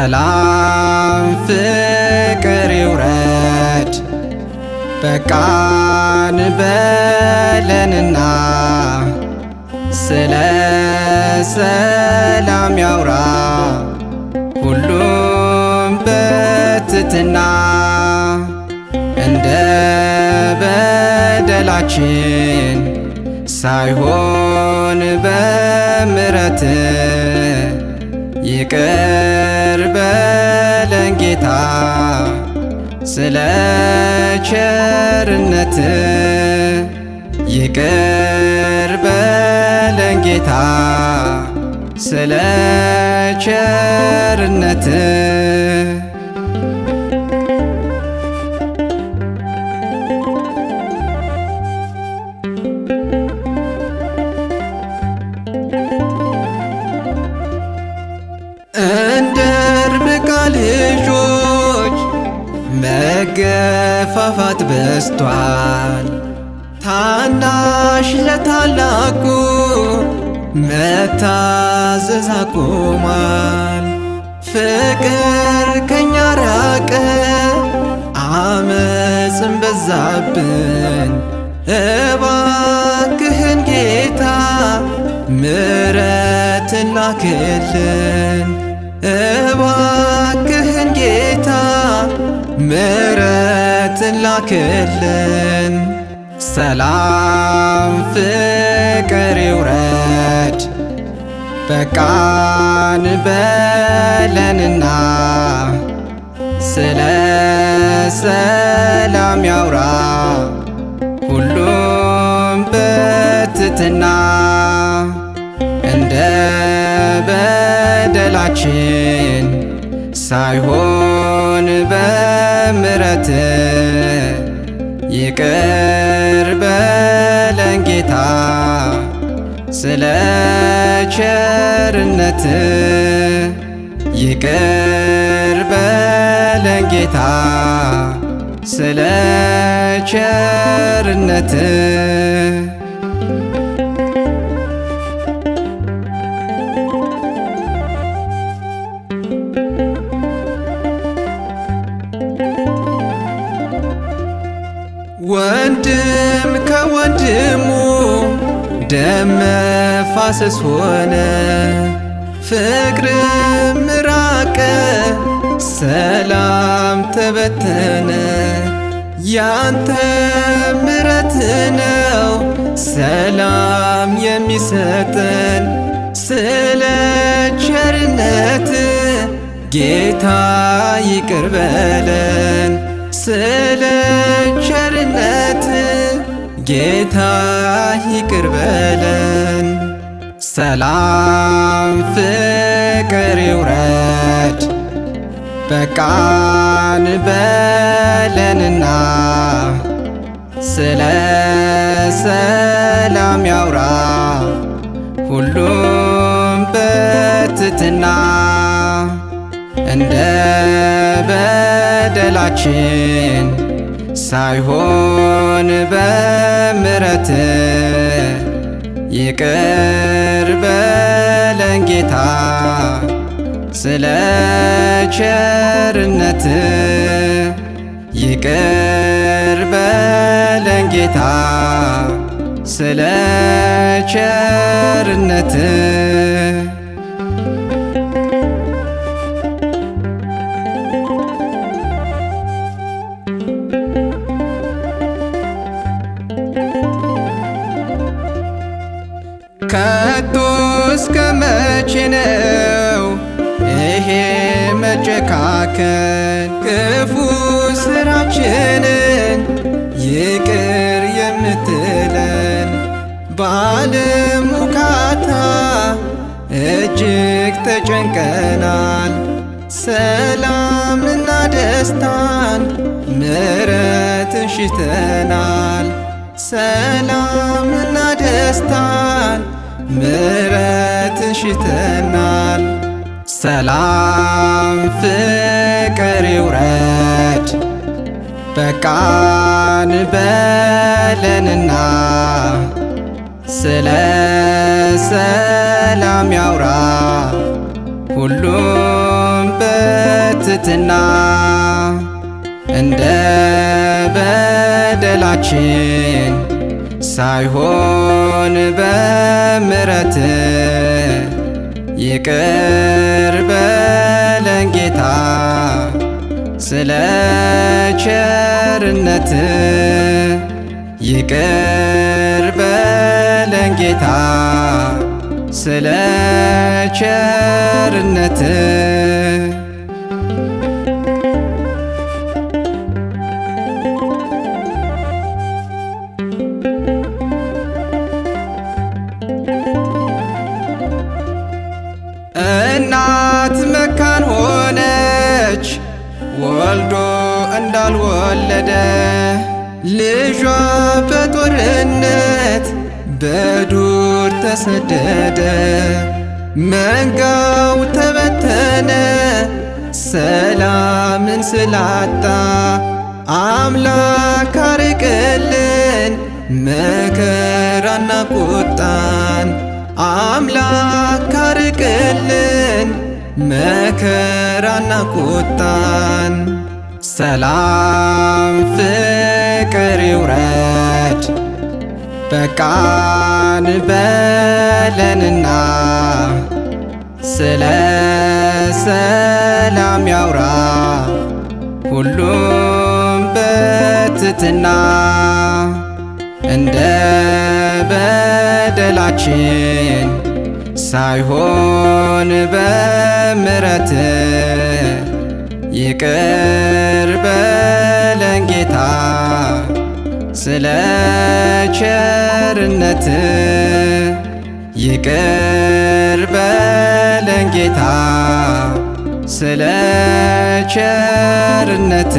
ሰላም ፍቅር ይውረድ በቃን በለንና ስለ ሰላም ያውራ ሁሉም በትትና እንደ በደላችን ሳይሆን በምረት ይቅር በለን ጌታ ስለ ቸርነት ይቅር በለን ጌታ ስለ ቸርነት መገፋፋት በስቷል። ታናሽ ለታላቁ መታዘዝ አቁሟል። ፍቅር ከኛ ራቀ፣ አመፅን በዛብን። እባክህን ጌታ ምሕረትን ላክልን፣ እባክህን ጌታ ምሕረትን ላክልን ሰላም ፍቅር ይውረድ በቃን በለንና ስለ ሰላም ያውራ ሁሉም በትትና እንደ በደላችን ሳይሆን በ ምረት ይቅር በለን ጌታ ስለ ቸርነት ይቅር በለን ጌታ ስለ ቸርነት ወንድም ከወንድሙ ደም መፋሰስ ሆነ፣ ፍቅርም ራቀ፣ ሰላም ተበተነ። ያንተ ምረት ነው ሰላም የሚሰጠን ስለ ቸርነት ጌታ ይቅርበለን። ስለ ቸርነት ጌታ ይቅር በለን። ሰላም ፍቅር ይውረድ በቃን በለንና ስለ ሰላም ያውራ ሁሉም በትትና እንደ በደላችን ሳይሆን በምረት ይቅር በለን ጌታ ስለ ቸርነት ይቅር በለን ጌታ ስለ ቸርነት መቼ ነው ይሄ መጨካከን? ክፉ ስራችንን ይቅር የምትለን ባለሙካታ እጅግ ተጨንቀናል። ሰላምና ደስታን ምሕረትን ሽተናል። ሰላምና ደስታን ምረት ሽተናል። ሰላም ፍቅር ይውረድ በቃን በለንና ስለ ሰላም ያውራ ሁሉም በትትና እንደ በደላችን ሳይሆን በምረት ይቅር በለን ጌታ ስለ ቸርነት ይቅር በለን ጌታ ስለ ቸርነት ወልዶ እንዳልወለደ ልጇ በጦርነት በዱር ተሰደደ። መንጋው ተበተነ ሰላምን ስላጣ አምላክ አርቅልን መከራና ቁጣን አምላክ አርቅልን መከራና ቁጣን ሰላም ፍቅር ይውረድ በቃን በለንና ስለ ሰላም ያውራ ሁሉም በትትና እንደ በደላችን ሳይሆን በምረት ይቅር በለን ጌታ ስለ ቸርነት ይቅር በለን ጌታ ስለ ቸርነት